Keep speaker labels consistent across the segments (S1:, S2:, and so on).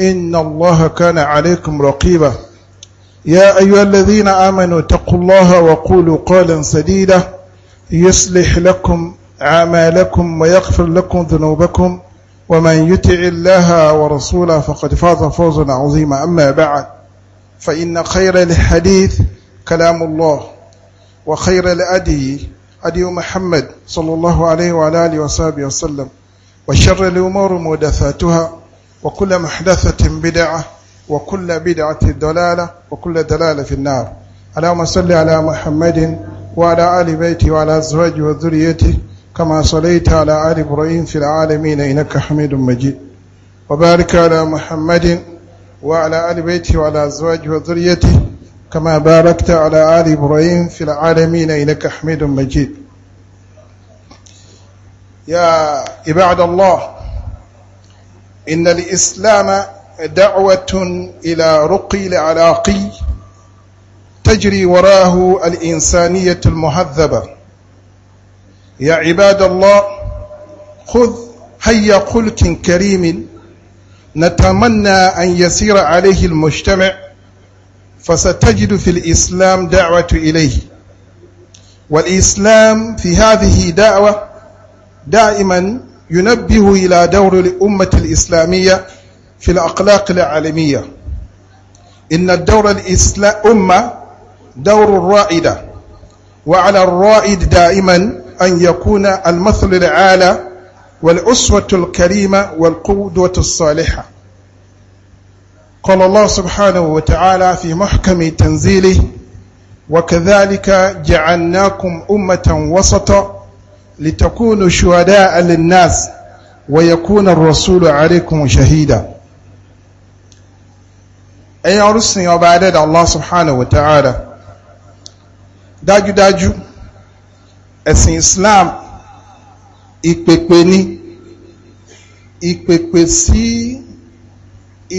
S1: إن الله كان عليكم رقيبا يا أيها الذين آمنوا اتقوا الله وقولوا قولا سديدا يصلح لكم عمالكم ويغفر لكم ذنوبكم ومن يتع الله ورسوله فقد فاز فوزا عظيما أما بعد فإن خير الحديث كلام الله وخير الأدي أدي محمد صلى الله عليه وعلى آله وصحبه وسلم وشر الأمور مدثاتها وكل محدثة بدعة وكل بدعة دلالة وكل دلالة في النار اللهم صل على محمد وعلى آل بيته وعلى أزواجه وذريته كما صليت على آل إبراهيم في العالمين إنك حميد مجيد وبارك على محمد وعلى آل بيته وعلى أزواجه وذريته كما باركت على آل إبراهيم في العالمين إنك حميد مجيد يا عباد الله إن الإسلام دعوة إلى رقي العلاقي تجري وراه الإنسانية المهذبة يا عباد الله خذ هيا خلق كريم نتمنى أن يسير عليه المجتمع فستجد في الإسلام دعوة إليه والإسلام في هذه دعوة دائما ينبه إلى دور الأمة الإسلامية في الأخلاق العالمية إن الدور الأمة دور الرائدة وعلى الرائد دائما أن يكون المثل العالى والأسوة الكريمة والقدوة الصالحة قال الله سبحانه وتعالى في محكم تنزيله وكذلك جعلناكم أمة وسطا لتكونوا شهداء للناس ويكون الرسول عليكم شهيدا ẹ̀yin ọrúsìn ọba adẹ́dà Allah subhanahu wa ta'ala dájúdájú ẹ̀sìn Islam ìpèpè ni ìpèpè sí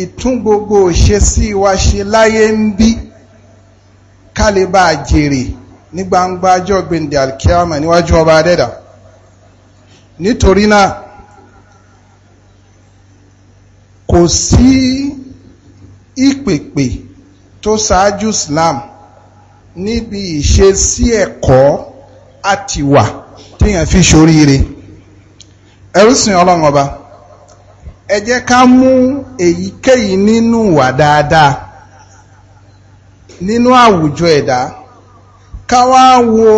S1: ìtún gbogbo òṣèṣí wa ṣe láyé ń bí kálíbà jèrè gbangba ọjọ́ gbèǹdé alkiyama níwájú ọba adẹ́dà nítorí náà kò sí ìpèpè tó ṣáájú Islam níbi ìṣesí ẹ̀kọ́ àtiwà téèyàn fi ṣoríire ẹrú sìn ọlọ́run ọba ẹ jẹ́ ká mú èyíkéyìí nínú wà dáadáa nínú àwùjọ ẹ̀dá ká wá wo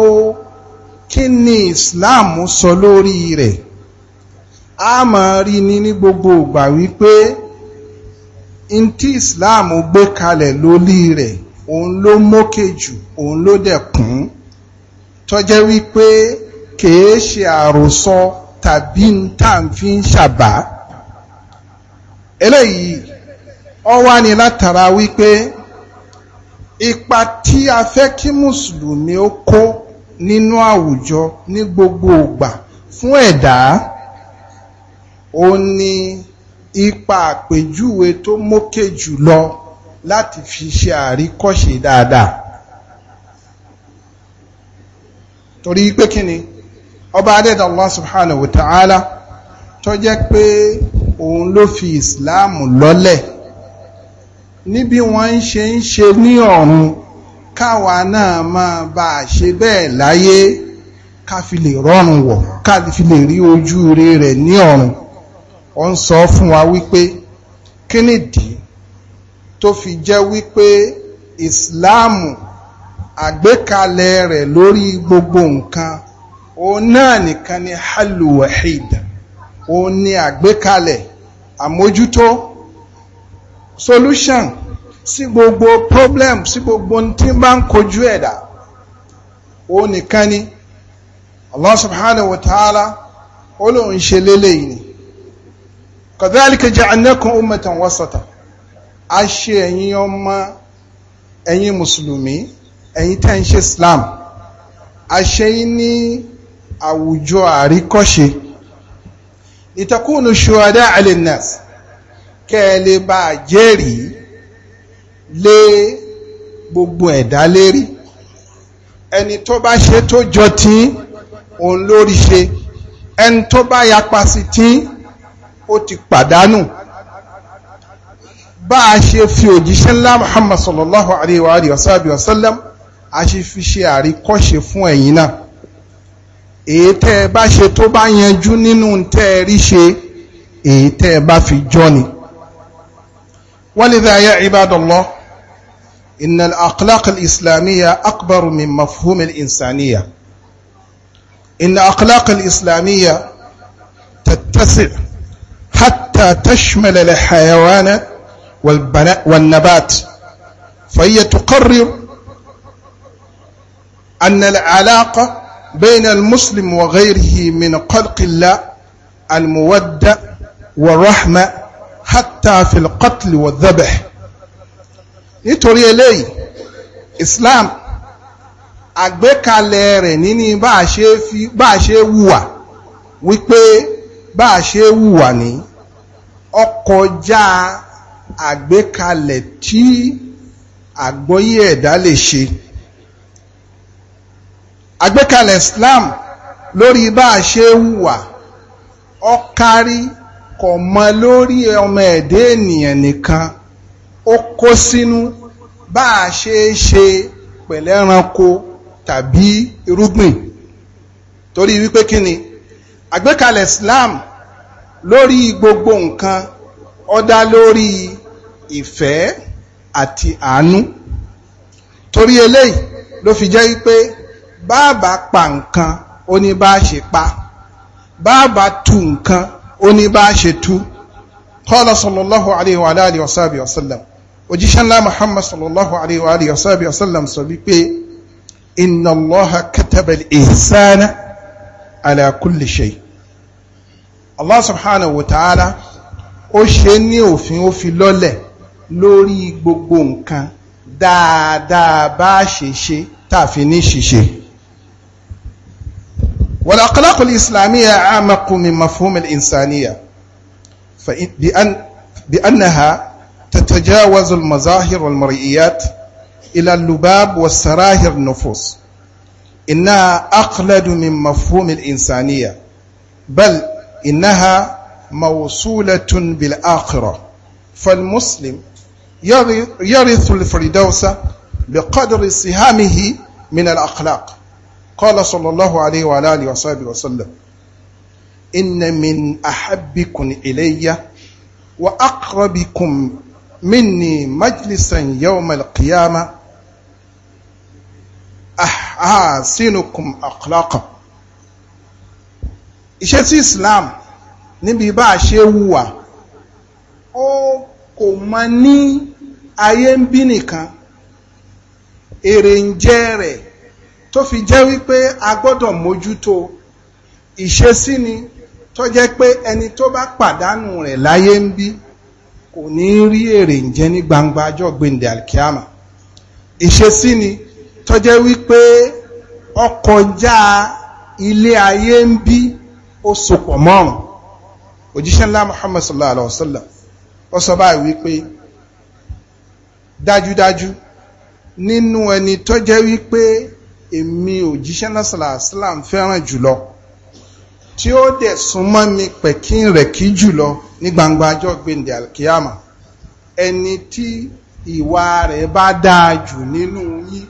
S1: kí ni Islam sọ lórí rẹ̀ a ma rí ni ní gbogbo ìgbà wípé in tí Islam gbé kalẹ̀ lórí rẹ̀ òun ló mókè jù òun ló dẹ̀ kún tọ́jẹ́ wípé kèé ṣe àròsọ tàbí ń tà fi ń ṣàbá eléyìí ọ wá ní látara wípé ipa tí a fẹ́ kí mùsùlùmí ó kó nínú àwùjọ ní gbogbo ìgbà fún ẹ̀dá ó ní ipa àpèjúwe tó mókè jùlọ láti fi ṣe àríkọ́ṣe dáadáa torí pé kí ni ọba adẹ́dà Allah subhanahu wa ta'ala tó jẹ́ pé òun ló fi ìsìláàmù lọ́lẹ̀ níbi wọ́n ń ṣe ń ṣe ní ọ̀run káwa náà máa bá a ṣe bẹ́ẹ̀ láyé ká fi lè rọrùn wọ̀ ká fi lè rí ojú rẹ̀ ní ọ̀run ó ń sọ fún wa wípé kí nìdí tó fi jẹ́ wípé ìsìláàmù àgbékalẹ̀ rẹ̀ lórí gbogbo nǹkan òun náà nìkan ni hallu òun ni àgbékalẹ̀ àmójútó solution sí gbogbo problem sí gbogbo tí bá ń kojú ẹ̀dá ó nìkan ni Allah subhanahu wa ta'ala ó lóun ṣe lélẹ́yìn ni kadhalika ja'alnakum ummatan wasata a ṣe ẹ̀yin ọmọ ẹ̀yin mùsùlùmí ẹ̀yin tẹ́ ń ṣe Islam a ṣe ní àwùjọ àríkọ́ṣe litakunu shuhada 'ala an jẹ́rìí lé gbogbo ẹ̀dá lérí ẹni tó bá ṣe tó jọ tí òun lórí ṣe ẹni tó bá yapa sí tí ó ti pàdánù bá a ṣe fi òjíṣẹ́ ńlá Muhammad sallallahu alayhi wa alihi wa sallam a ṣe fi ṣe àríkọ́ṣe fún ẹ̀yin náà èyí tẹ́ ẹ bá ṣe tó bá yanjú nínú tẹ́ ẹ rí ṣe èyí tẹ́ ẹ bá fi jọ ni walidha ya ibadallah إن الأخلاق الإسلامية أكبر من مفهوم الإنسانية إن أخلاق الإسلامية تتسع حتى تشمل الحيوانات والنبات فهي تقرر أن العلاقة بين المسلم وغيره من خلق الله المودة والرحمة حتى في القتل والذبح nítorí eléyìí Islam àgbékalẹ̀ rẹ̀ níní bá a ṣe fi bá a ṣe wùwà wípé bá a ṣe wùwà ní ọkọjá àgbékalẹ̀ tí àgbọ́yé ẹ̀dá lè ṣe àgbékalẹ̀ Islam lórí bá a ṣe wùwà ọkárí kò mọ lórí ọmọ ẹ̀dá ènìyàn nìkan ó kó sínú bá a ṣe é ṣe pẹ̀lẹ́ ẹranko tàbí irúgbìn torí wípé kí ni àgbékalẹ̀ Islam lórí gbogbo nǹkan ó dá lórí ìfẹ́ àti àánú torí eléyìí ló fi jẹ́ wípé báàbà pa nǹkan ó ní bá ṣe pa báàbà tu nǹkan ó ní bá ṣe tu qala sallallahu alayhi wa alihi wa sallam òjíṣẹ́ ńlá muhammad sallallahu alayhi wa alihi wa sallam sọ wípé inna allaha kataba al-ihsana ala kulli shay allah subhanahu wa ta'ala ó ṣe ní òfin ó fi lọ́lẹ̀ lórí gbogbo nǹkan dáadáa bá ṣe ṣe tàfi ní ṣiṣe wal akhlaqul islamiyya amaqu min mafhumil insaniya fa bi annaha تتجاوز المظاهر والمرئيات إلى اللباب والسراهر النفوس إنها أقلد من مفهوم الإنسانية بل إنها موصولة بالآخرة فالمسلم يرث الفردوس بقدر سهامه من الأخلاق قال صلى الله عليه وعلى آله وصحبه وسلم إن من أحبكم إلي وأقربكم مني مجلسا يوم القيامة أحسنكم أخلاقا iṣẹ́ sí Islam níbi bá a ṣe wùwà ó kò mọ ní ayé ń bí nìkan èrè ń jẹ́ rẹ̀ tó fi jẹ́ wípé a gbọ́dọ̀ mójútó ìṣesí ni tó jẹ́ pé ẹni tó bá pàdánù rẹ̀ láyé ń bí kò ní rí èrè ń jẹ ní gbangba ajọ́ gbẹ̀ndẹ̀ alkiyama ìṣesí ni tọ́jẹ́ wípé ọkọjá ilé ayé ń bí ó sopọ̀ mọ́rùn òjíṣẹ́ ńlá Muhammad sallallahu alaihi wasallam ó sọ báyìí wípé dájúdájú nínú ẹni tọ́jẹ́ wípé èmi òjíṣẹ́ ńlá sallallahu alaihi fẹ́ràn jùlọ tí ó dẹ̀ súnmọ́ mi pẹ̀kín rẹ̀ kí jùlọ ní gbangba ajọ́ gbèndé alkiyama ẹni tí ìwà rẹ̀ bá dáa jù nínú yín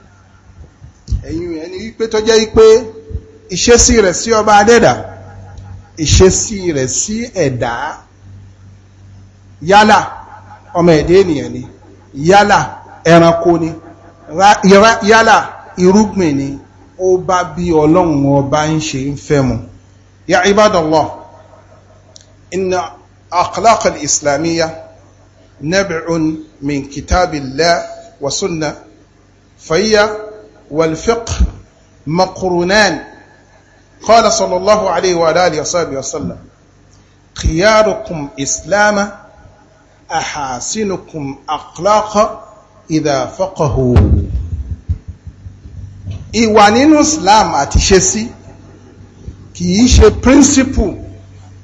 S1: ẹ̀yin ẹni wípé tó jẹ́ wípé ìṣesí rẹ̀ sí ọba adẹ́dà ìṣesí rẹ̀ sí ẹ̀dá yálà ọmọ ẹ̀dá ènìyàn ni yálà ẹranko ni yálà irúgbìn ni ó bá bí ọlọ́run ọba ń ṣe ń يا عباد الله إن أخلاق الإسلامية نبع من كتاب الله وسنة فهي والفقه مقرنان قال صلى الله عليه وآله وصحبه وسلم خياركم إسلاما أحاسنكم أخلاقا إذا فقهوا ìwà nínú Islam kì í ṣe píríncípù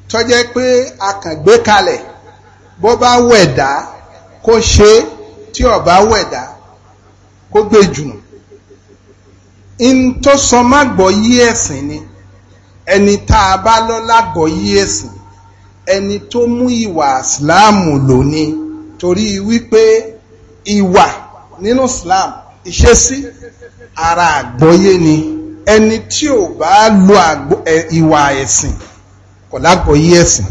S1: tó jẹ́ pé a kàn gbé kalẹ̀ bó bá wẹ̀dá kó ṣe tí ó bá wẹ̀dá kó gbé jùnù in tó sọ má gbọ́ yí ẹ̀sìn ni ẹni tá a bá lọ́lá gbọ́ yí ẹ̀sìn ẹni tó mú ìwà ìsìláàmù lóní torí wípé ìwà nínú islam ìṣesí ara àgbọ́yé ni. Islam, ẹni tí ò bá lo ìwà ẹ̀sìn kò lágbọ́yé ẹ̀sìn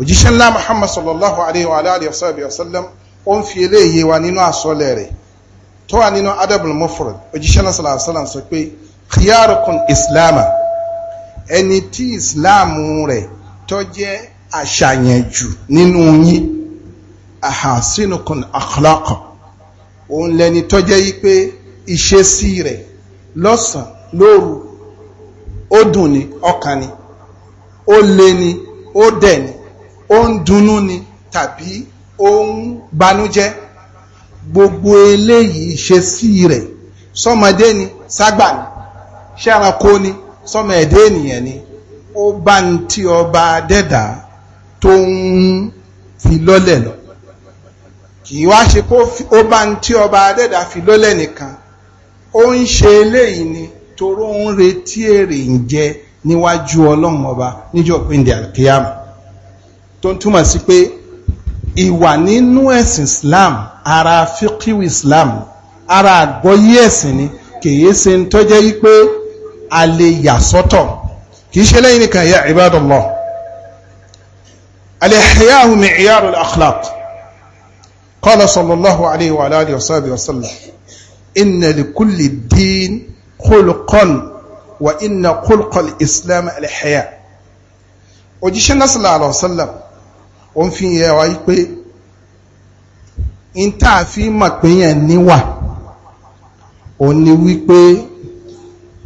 S1: òjíṣẹ́ ńlá muhammad sallallahu alayhi wa alayhi wa sallam ó ń fi eléyìí wa nínú àsọlẹ̀ rẹ̀ tó wà nínú adabul mufrad òjíṣẹ́ ńlá sallallahu alayhi wa sallam sọ pé khiyarukum islama ẹni tí ìsìláàmù rẹ̀ tó jẹ́ àṣàyàn nínú yín ahasinukum akhlaqa òun lẹni tó jẹ́ yí pé ìṣesí rẹ̀ lọ́sàn lóru ó dùn ni ọkàn ni ó le ni ó dẹ̀ ni ó ń dunnú ni tàbí ó ń banújẹ́ gbogbo eléyìí ìṣesí rẹ̀ sọmọdé ni ságbà ni ṣẹranko ni sọmọ ẹ̀dá ènìyàn ni ó bá ń tí ọba dẹ́dà tó ń fi lọ́lẹ̀ lọ kì í wá ṣe pé ó bá ń tí ọba dẹ́dà fi lọ́lẹ̀ nìkan ó ń ṣe eléyìí ni toró ń retí èrè ń jẹ níwájú ọlọ́run ọba níjọ́ pínlẹ̀ alkiyam tó ń túmọ̀ sí pé ìwà nínú ẹ̀sìn islam ara fíkíw islam ara àgbọ́yé ẹ̀sìn ni kìí ṣe ń tọ́jẹ́ yí pé a lè yà sọ́tọ̀ kìí ṣe lẹ́yìn nìkan ya ibadallah al-ihya'u mi'yaru akhlaq qala sallallahu alayhi wa alihi wa sallam inna li kulli din khulqan wa inna khulqal islam alihaya òjíṣẹ́ náà sallallahu alaihi wasallam ó ń fi yẹ wa pé in tá a fi mọ̀ pé yẹn níwà ó ní wípé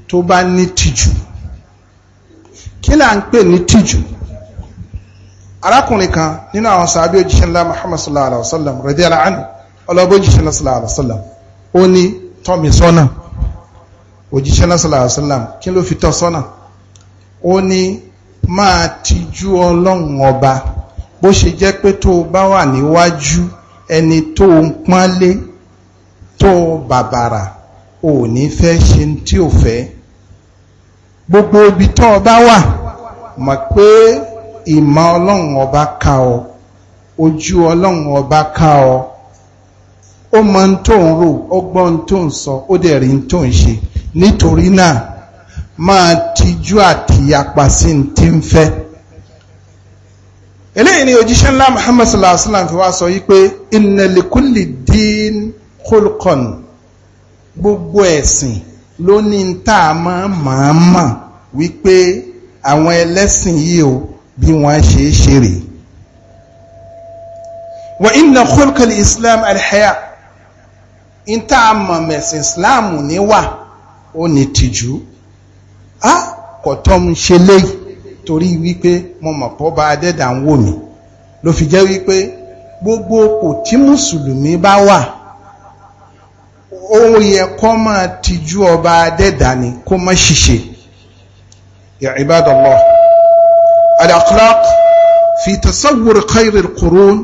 S1: tó bá ní tìjú kí là ń pè ní tìjú arákùnrin kan nínú àwọn sàábí òjíṣẹ́ ńlá muhammad sallallahu alaihi wasallam radiyallahu anhu ọlọ́bọ̀ òjíṣẹ́ ńlá sallallahu alaihi ó ní tọ́ sọ́nà. So òjíṣẹ́ lásìlá àṣìlám kí ló fi tọ́ sọ́nà ó ní máa tijú ọlọ́run ọba bó ṣe jẹ́ pé tó o bá wà níwájú ẹni tó o ń pọ́nlé tó o bàbàrà o ò ní fẹ́ ṣe tí o fẹ́ gbogbo ibi tó o wà mọ̀ pé ìmọ̀ ọlọ́run ọba ká ọ ojú ọlọ́run ọba ká ọ ó mọ ohun tó ń rò ó gbọ́ ohun tó ń sọ ó dẹ̀ rí ohun tó ń ṣe nítorí náà máa tijú àti yapa sí ti ń fẹ́ eléyìí ni òjíṣẹ́ ńlá Muhammad sallallahu alaihi wasallam fi wá sọ wípé inna likulli din khulqan gbogbo ẹ̀sìn ló ní ń tà máa máa mọ̀ wípé àwọn ẹlẹ́sìn yìí o bí wọ́n ṣe é ṣe rèé wa inna khulqal islam alhaya ń tà mọ̀ mẹ̀sìn islam ó ní tìjú á kọ̀tọ́ ń ṣe léyìí torí wípé mo mọ̀ pọ́ bá adẹ́dà ń wò mí ló fi jẹ́ wípé gbogbo kò tí mùsùlùmí bá wà ó yẹ kó máa tìjú ọba adẹ́dà ni kó má ṣiṣẹ́ ya ibadallah fi tasawwur khairil qurun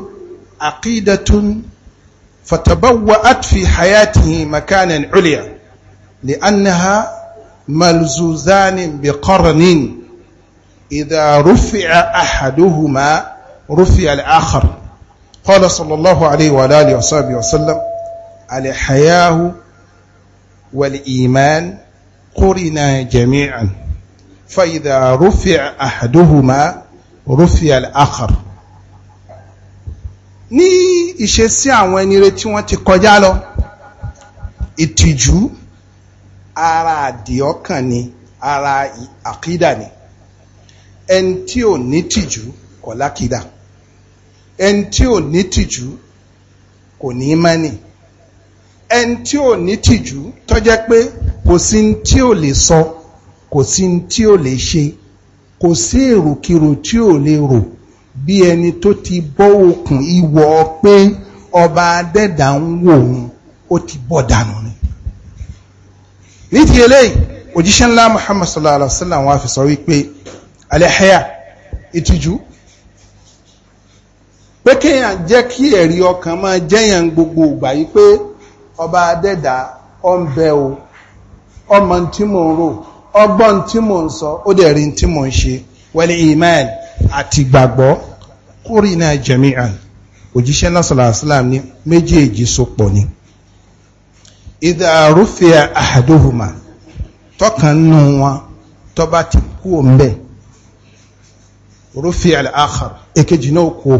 S1: aqidatun fatabawwa'at fi hayatihi makanan 'ulya لأنها ملزوزان بقرنين إذا رفع أحدهما رفع الآخر قال صلى الله عليه وآله وصحبه وسلم الحياة والإيمان قرنا جميعا فإذا رفع أحدهما رفع الآخر ní ìṣesí àwọn ẹni rere wọ́n ti kọjá lọ ìtìjú ara àdìọ́kàn ni ara àkídà ni ẹni tí ò ní tìjú kò lákìdà ẹni tí ò ní tìjú kò ní mánì ẹni tí ò ní tìjú tó pé kò sí tí ò lè sọ kò sí tí ò lè ṣe kò sí èròkèrò tí ò lè rò bí ẹni tó ti bọ́ okùn ìwọ̀ pé ọba adẹ́dà ń wò ó ti bọ́ dànù ni ní ti eléyìí òjíṣẹ́ ńlá Muhammad sallallahu alaihi wa sallam wá fi sọ wípé alẹ́hẹ́yà ìtújú pé kéèyàn jẹ́ kí ẹ̀rí ọkàn máa jẹ́yàn gbogbo ìgbà yìí pé ọba adẹ́dà ọ̀nbẹ o ọmọ tí mò ń rò ọgbọ́n tí mò ń sọ ó dẹ̀ rí tí mò ń ṣe wẹ́lẹ̀ iman àti gbàgbọ́ kúrì náà jẹ̀mí àn òjíṣẹ́ náà sallallahu alaihi wa ní méjèèjì so pọ̀ ni idha rufiya ahaduhuma tọ́kàn nù wọn tó bá ti kú òǹbẹ̀ rufiya al-akhar èkejì náà kú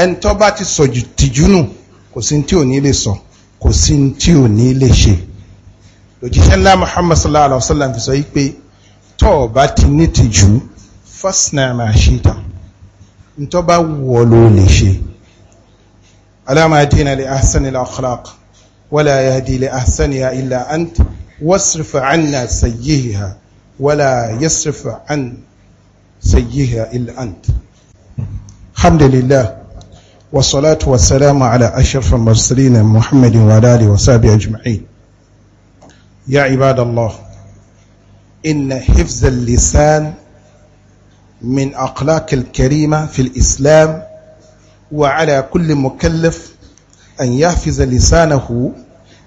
S1: ẹni tó bá ti sọ tìjúnù kò sí tí ò ní lè sọ kò sí tí ò ní lè ṣe òjíṣẹ́ ńlá muhammad sallallahu alaihi wa sallam fi sọ pé tó o bá ti ní tìjú fasna ma shita ntọ́ bá wù ló lè ṣe alama adina li ahsani al ولا يهدي لأحسنها إلا أنت واصرف عنا سيئها ولا يصرف عن سيئها إلا أنت الحمد لله والصلاة والسلام على أشرف المرسلين محمد وعلى آله وصحبه أجمعين يا عباد الله إن حفظ اللسان من أخلاق الكريمة في الإسلام وعلى كل مكلف أن يحفظ لسانه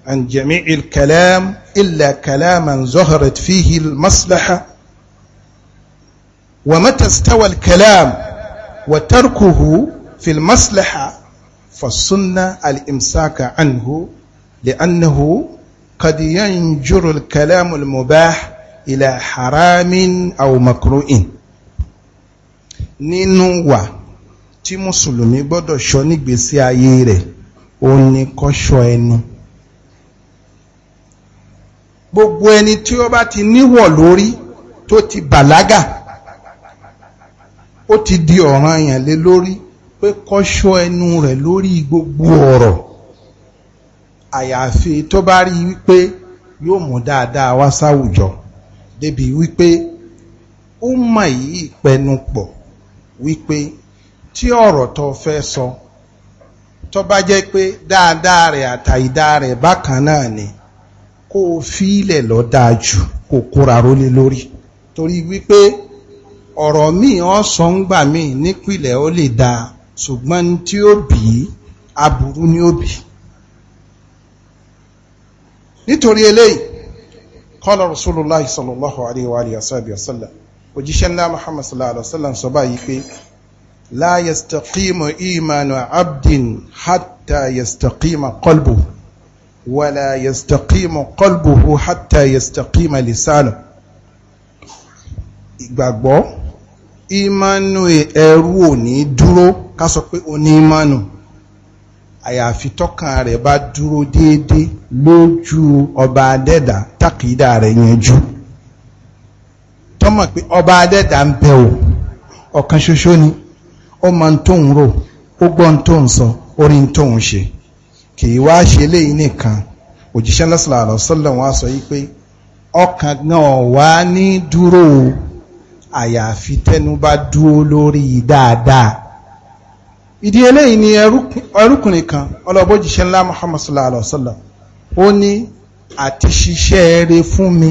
S1: عن جميع الكلام إلا كلاما ظهرت فيه المصلحة ومتى استوى الكلام وتركه في المصلحة فالسنة الإمساك عنه لأنه قد ينجر الكلام المباح إلى حرام أو مكروه nínú wa tí mùsùlùmí gbọ́dọ̀ ṣọ́ nígbésí ayé rẹ̀ gbogbo ẹni tí ó bá ti níwọ̀ lórí tó ti bàlágà ó ti di ọ̀ràn yàn lé lórí pé kó ṣọ́ ẹnu rẹ̀ lórí gbogbo ọ̀rọ̀ àyàfi tó bá rí wípé yóò mú dáadáa wá sáwùjọ débi wípé ó mọ̀ yìí pẹnu wípé tí ọ̀rọ̀ tó fẹ́ sọ tó bá jẹ́ pé dáadáa rẹ̀ àtàìdá rẹ̀ bákan náà ni kó o fi ilẹ̀ lọ dáa jù kó kóra rólé lórí torí wípé ọ̀rọ̀ míì ọ̀sán gbà míì nípìnlẹ̀ ó lè dáa ṣùgbọ́n tí ó bì í aburú ni ó bì í nítorí eléyìí kọ́lá rasulullahi sallallahu alayhi wa alihi wa òjíṣẹ́ ńlá muhammad sallallahu alayhi wa sallam sọ báyìí pé la yastaqimu imanu abdin hatta yastaqima qalbuhu ولا يستقيم قلبه حتى يستقيم لسانه ìgbàgbọ́ ìmánu ẹrú ò ní dúró ká sọ pé ó ní ìmánu àyàfi tọ́kàn rẹ̀ bá dúró déédé lójú ọba adẹ́dà tàkìdá rẹ̀ yanjú tọ́mọ̀ pé ọba adẹ́dà ń bẹ o ọ̀kan ṣoṣo ni ó máa ń tóun rò ó gbọ́n tóun sọ orí kì í wá ṣe léyìí nìkan òjíṣẹ́ lọ́sọ̀lá àlọ́sọ́lá wọn sọ yí pé ọkàn náà wá ní dúró àyàfi tẹnu bá dúró lórí dáadáa ìdí eléyìí ni ẹrúkùnrin kan ọlọ́bọ́jíṣẹ́ ńlá Muhammad sallallahu alaihi wasallam ó ní àti ṣiṣẹ́ eré fún mi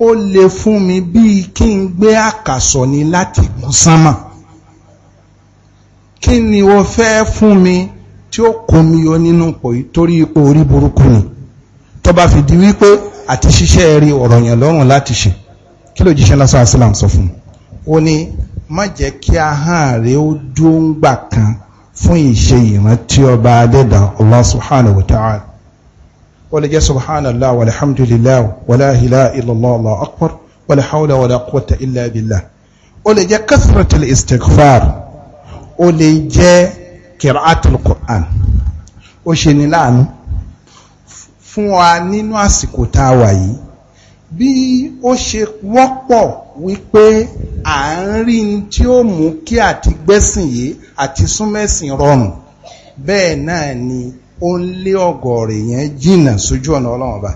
S1: ó lè fún mi bíi kí n gbé àkàsọ̀ ni láti gùn sánmà kí ni o fẹ́ fún mi tí ó kómi yọ nínú pọ̀ yìí torí ipò orí burúkú ni tó bá fi di wípé àti ṣiṣẹ́ rí ọ̀rọ̀ yẹn lọ́rùn láti ṣe kí ló jíṣẹ́ lásán asílám sọ fún un ó ní má jẹ́ kí ahọ́n rẹ̀ ó dúró gbà kan fún ìṣe ìrántí ọba ó lè jẹ́ subhanallah walhamdulillah kiraatul Qur'an ó ṣe ni láàánú fún wa nínú àsìkò tá a wà yìí bí ó ṣe wọ́pọ̀ wípé à ń rí tí ó mú kí àti gbẹ́sìn yìí àti súnmẹ́sìn rọrùn ni ó ń lé ọ̀gọ̀ọ̀rẹ̀ yẹn jìnnà sójú ọ̀nà ọlọ́run ọba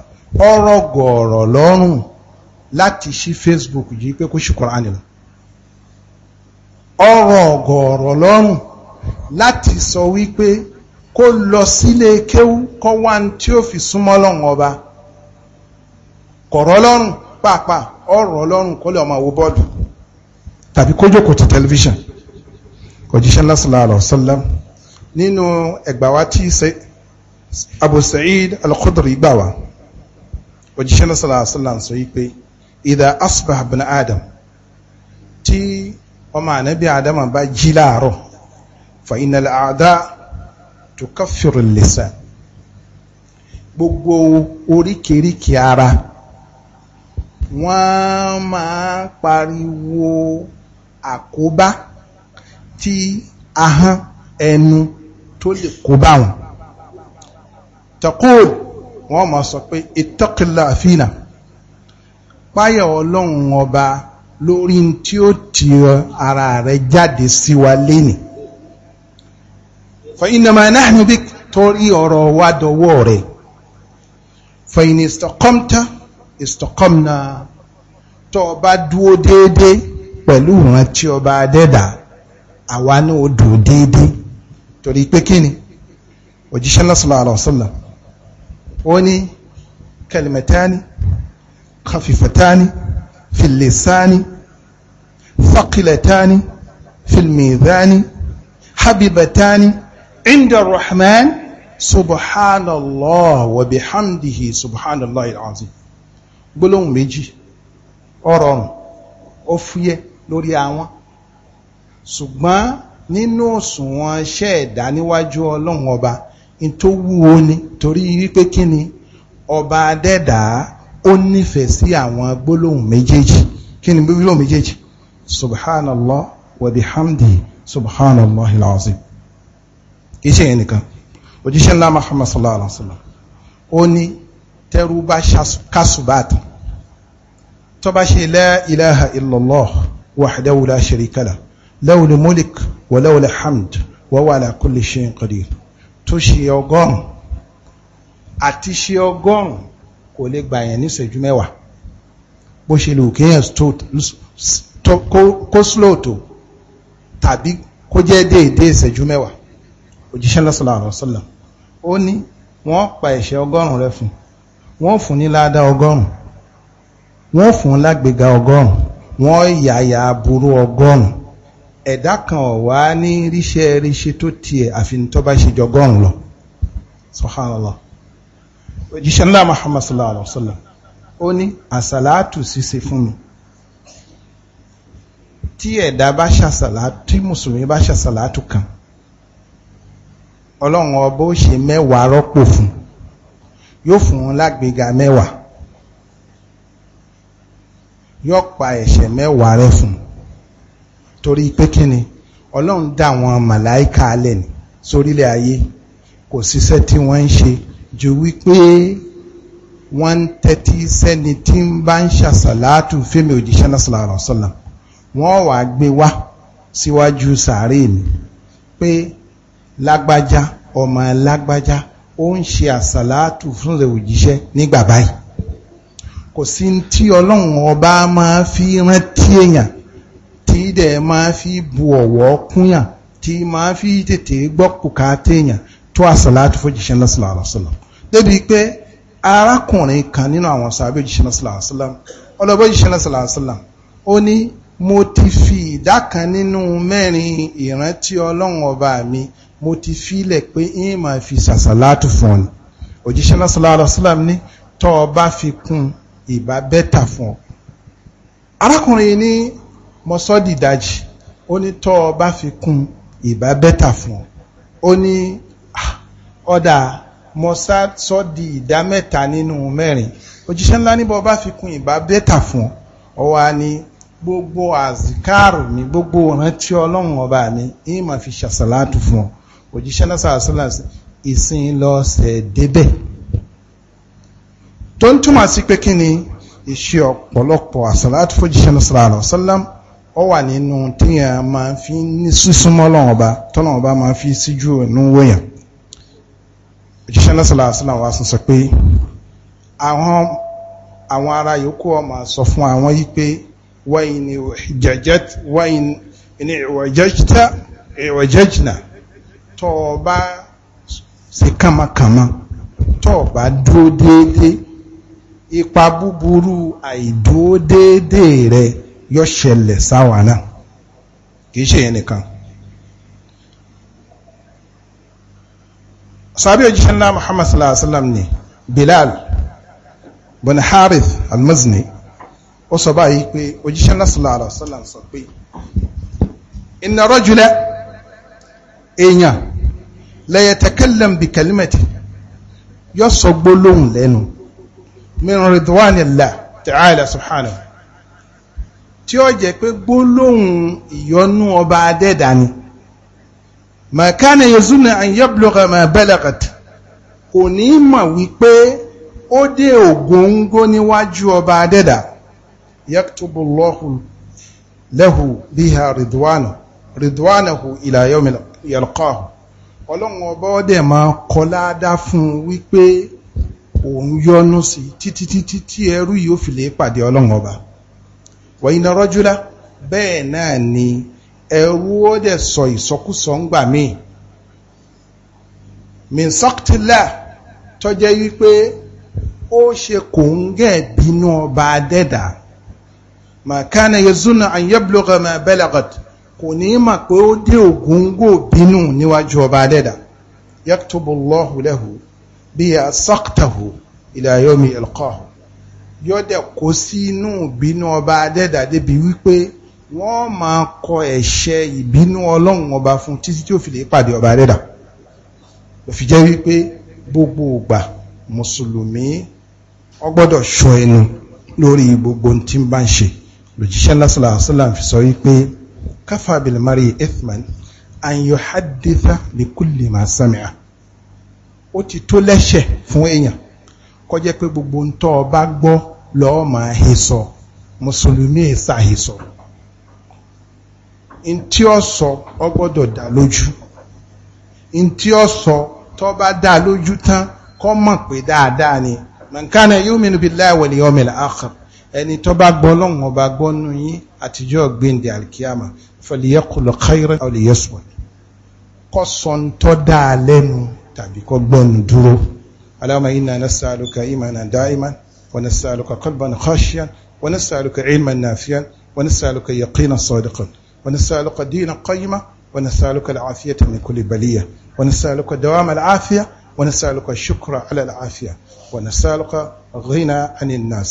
S1: ọ̀rọ̀ gọ̀ọ̀rọ̀ lọ́rùn láti Facebook yìí pé kó ṣe Kùránì lọ ọ̀rọ̀ gọ̀ọ̀rọ̀ lọ́rùn láti sọ wípé kó lọ sílé kéwú kọ́ wá ní tí ó fi súnmọ́ lọ́rùn ọba kọ̀rọ̀ lọ́rùn pàápàá ọ̀rọ̀ lọ́rùn kó lè ọmọ wo bọ́ọ̀lù tàbí kó jókòó ti tẹlifíṣàn òjíṣẹ́ lásìlá àlọ́sọ́lá nínú ẹgbàwá tí Abu Sa'id al-Khudri gbà wá òjíṣẹ́ lásìlá àlọ́sọ́lá sọ yí ìdá asbah bin Adam tí ọmọ ànábì Adam bá jí láàárọ̀ fàyínà àdá tó káfíìrì lẹ́sàn gbogbo oríkèéríkèé ara wọ́n máa pariwo àkóbá tí ahọ́n ẹnu tó lè kóbá wọn taqul wọ́n máa sọ pé ittaqillah fina páyà ọlọ́run ọba lórí tí ó ti ara rẹ̀ jáde sí wa lénìí فإنما نحن nahnu bik torí ọ̀rọ̀ wa dọ̀wọ́ rẹ̀ fa in istaqamta istaqamna tó o bá dúó déédé pẹ̀lú ìrántí ọba adẹ́dà àwa náà ó dúó déédé torí pé kí ni òjíṣẹ́ lọ́sọ̀lá àlọ́sọ̀lá ó ní kalimatani khafifatani fil lisani thaqilatani fil inda rahman subhanallah wa bihamdihi subhanallah alazim gbólóhùn méjì ọ̀rọ̀ ó fúyẹ́ lórí àwọn ṣùgbọ́n nínú òṣùwọ̀n iṣẹ́ ẹ̀dá níwájú ọlọ́run ọba in tó wúwo ni torí wípé kí ni ọba adẹ́dà ó nífẹ̀ẹ́ sí àwọn gbólóhùn méjèèjì kí ni gbólóhùn méjèèjì subhanallah wa bihamdi subhanallah ilazim kì í ṣe yẹn nìkan òjíṣẹ́ ńlá Muhammad sallallahu alaihi wa sallam ó ní tẹ́rú bá kásùbàtà tó bá ṣe la ilaha illallah wahdahu la sharika lah lahu al-mulk wa lahu al-hamd wa huwa ala kulli shay'in qadir tó ṣe ọgọ́rùn àti ṣe ọgọ́rùn kò lè gbà yẹn ní ìṣẹ́jú mẹ́wàá bó ṣe lè kéèyàn kó slow tó tàbí kó jẹ́ déédéé ìṣẹ́jú mẹ́wàá òjíṣẹ́ sallallahu alaihi wasallam ó ní wọ́n pa ẹ̀ṣẹ̀ ọgọ́rùn rẹ fún wọ́n fún ní láàdá ọgọ́rùn wọ́n fún lágbèga ọgọ́rùn wọ́n yàyà aburú ọgọ́rùn ẹ̀dá kan ọ̀wá ní ríṣẹ́ ríṣẹ́ tó tiẹ̀ àfi tó bá ṣe jọgọ́rùn lọ subhanallah ẹ̀dá bá ṣàsàlátù tí mùsùlùmí bá ṣàsàlátù kan ọlọ́run ọba ó ṣe mẹ́wàá rọ́pò fún yóò fún un lágbèga mẹ́wàá yóò pa ẹ̀ṣẹ̀ mẹ́wàá rẹ fún torí pé kí ni ọlọ́run dá àwọn màláìka alẹ̀ ní sórílẹ̀ ayé kò síṣẹ́ tí wọ́n ń ṣe ju wípé wọ́n ń tẹ́tí sẹ́ni tí ń bá ń ṣàṣàlátù fẹ́mi òjíṣẹ́ náà sọ̀rọ̀ sọ̀lá wọ́n wàá gbé wá síwájú sàárè mi pé lágbájá ọmọ lágbájá ó ń ṣe àsàlátù fún rẹ̀ òjíṣẹ́ nígbà báyìí kò sí tí ọlọ́run ọba máa fi rántí èèyàn tí dẹ̀ máa fi bu ọ̀wọ́ kúnyàn tí máa fi tètè gbọ́ bùkátà èèyàn tó àsàlátù fún òjíṣẹ́ náà sallallahu alaihi wasallam débi pé arákùnrin kan nínú àwọn sàbẹ̀ òjíṣẹ́ náà sallallahu alaihi ọlọ́bọ̀ òjíṣẹ́ náà sallallahu ó ní mo ti fi ìdá kan nínú mẹ́rin ìrántí ọlọ́run ọba mi mo ti fílẹ̀ pé ń máa fi sàṣàlátù fún ọ ni òjíṣẹ́ náà sallallahu alaihi wasallam ní tọ́ ọ bá fi kún ìbá bẹ́tà fún ọ arákùnrin ní mọ́sọ́dìdájì ó ní tọ́ ọ bá fi kún ìbá bẹ́tà fún ọ ó ní ah, ọ̀dà mọ́sọ́dì ìdá mẹ́ta nínú mẹ́rin òjíṣẹ́ ńlá níbọ̀ bá fi kún ìbá bẹ́tà fún ọ wá ní gbogbo àzìkáàrù ní gbogbo ìrántí ọlọ́run ọba mi ìmọ̀ fi ṣàṣàlátù fún ọ òjíṣẹ́ náà sàásílà ìsìn lọ sẹ̀ débẹ̀ tó ń túmọ̀ sí pé kí ni ìṣe ọ̀pọ̀lọpọ̀ àsàlátù fòjíṣẹ́ náà sàlá sàlám ó wà nínú téèyàn máa fi ní sísúnmọ́ lọ́wọ́n ba tọ́lọ́wọ́n ba máa fi síjú ìnú wòyàn òjíṣẹ́ náà sàlá sàlám wa sọ pé àwọn àwọn yòókù ọmọ sọ fún àwọn yìí pé wáyìn ni ìwọ̀jẹ́jìnà tọ́ ọ bá ṣe kànmọ́kànmọ́ tọ́ ọ bá dúró déédé ipa búburú àìdúró déédé rẹ yóò ṣẹlẹ̀ sáwa náà kìí ṣe yẹn sàbí òjíṣẹ́ ńlá muhammad sallallahu alayhi sallam ni bilal bin harith almazni ó sọ báyìí pé òjíṣẹ́ ńlá sallallahu sallam sọ pé inna rajula èèyàn lẹ́yẹtẹ̀kẹ́lẹ̀m bí kẹlímẹ̀tì yóò sọ gbólóhùn lẹ́nu min ridwanillah ta'ala subhanahu tí ó jẹ́ pé gbólóhùn ìyọnú ọba adẹ́dà ni ma kana yazunna an yablugha ma balagat kò ní mọ̀ wípé ó dé ògóńgó níwájú ọba adẹ́dà yaktubu Allahu lahu biha ridwanahu ridwanahu ila yawmil yalqahu ọlọ́run ọba ọdẹ máa kọládá fún wípé òun yọ́nú sí títí títí tí ẹrú yìí ó fi lè pàdé ọlọ́run ọba wa inna rajula bẹ́ẹ̀ náà ni ẹrú ọdẹ sọ ìsọkúsọ ń gbà míì min tó jẹ́ wípé ó ṣe kò ń gẹ̀ bínú ọba adẹ́dà ma kana yazunna an ma balagat kò ní mà pé ó dé ògúngò bínú níwájú ọba adẹ́dà yaktubullahu lahu bí i asaktahu ila yomi alqahu yóò dẹ̀ kó sínú ìbínú ọba adẹ́dà débi wípé wọ́n máa kọ ẹ̀ṣẹ̀ ìbínú ọlọ́run ọba fún títí tí ó fi lè pàdé ọba adẹ́dà ó fi jẹ́ wípé gbogbo ìgbà mùsùlùmí ó gbọ́dọ̀ ẹnu lórí gbogbo tí ń bá ń ṣe lòjíṣẹ́ lásìlàsílà fi sọ wípé kafa bil mari ithman an yuhadditha bi kulli ma sami'a ó ti tó lẹ́ṣẹ̀ fún èèyàn kó jẹ́ pé gbogbo ń tọ́ ọba gbọ́ lọ́ọ́ máa he sọ mùsùlùmí ẹ̀sà he sọ n tí ó sọ ọ gbọ́dọ̀ dá lójú n tí ó sọ tó bá dá lójú tán kó mọ̀ pé dáadáa ni man kana yuminu billahi wal yawmil akhir ẹni tó bá gbọ́ lọ́wọ́n ọba gbọ́ nù yín àtijọ́ gbẹ̀ndẹ̀ alikiyama falyaqul khayran aw liyasmut kọ́ sọ̀ntọ́ dáa lẹ́nu tàbí kọ́ gbọ́nu dúró alama inna nas'aluka imanan da'iman wa nas'aluka qalban khashiyan wa nas'aluka ilman nafiyan wa nas'aluka yaqinan sadiqan wa nas'aluka dinan qayyiman wa nas'aluka al'afiyata min kulli baliya wa nas'aluka dawama al'afiya wa nas'aluka shukra ala al'afiya wa nas'aluka ghina 'anil nas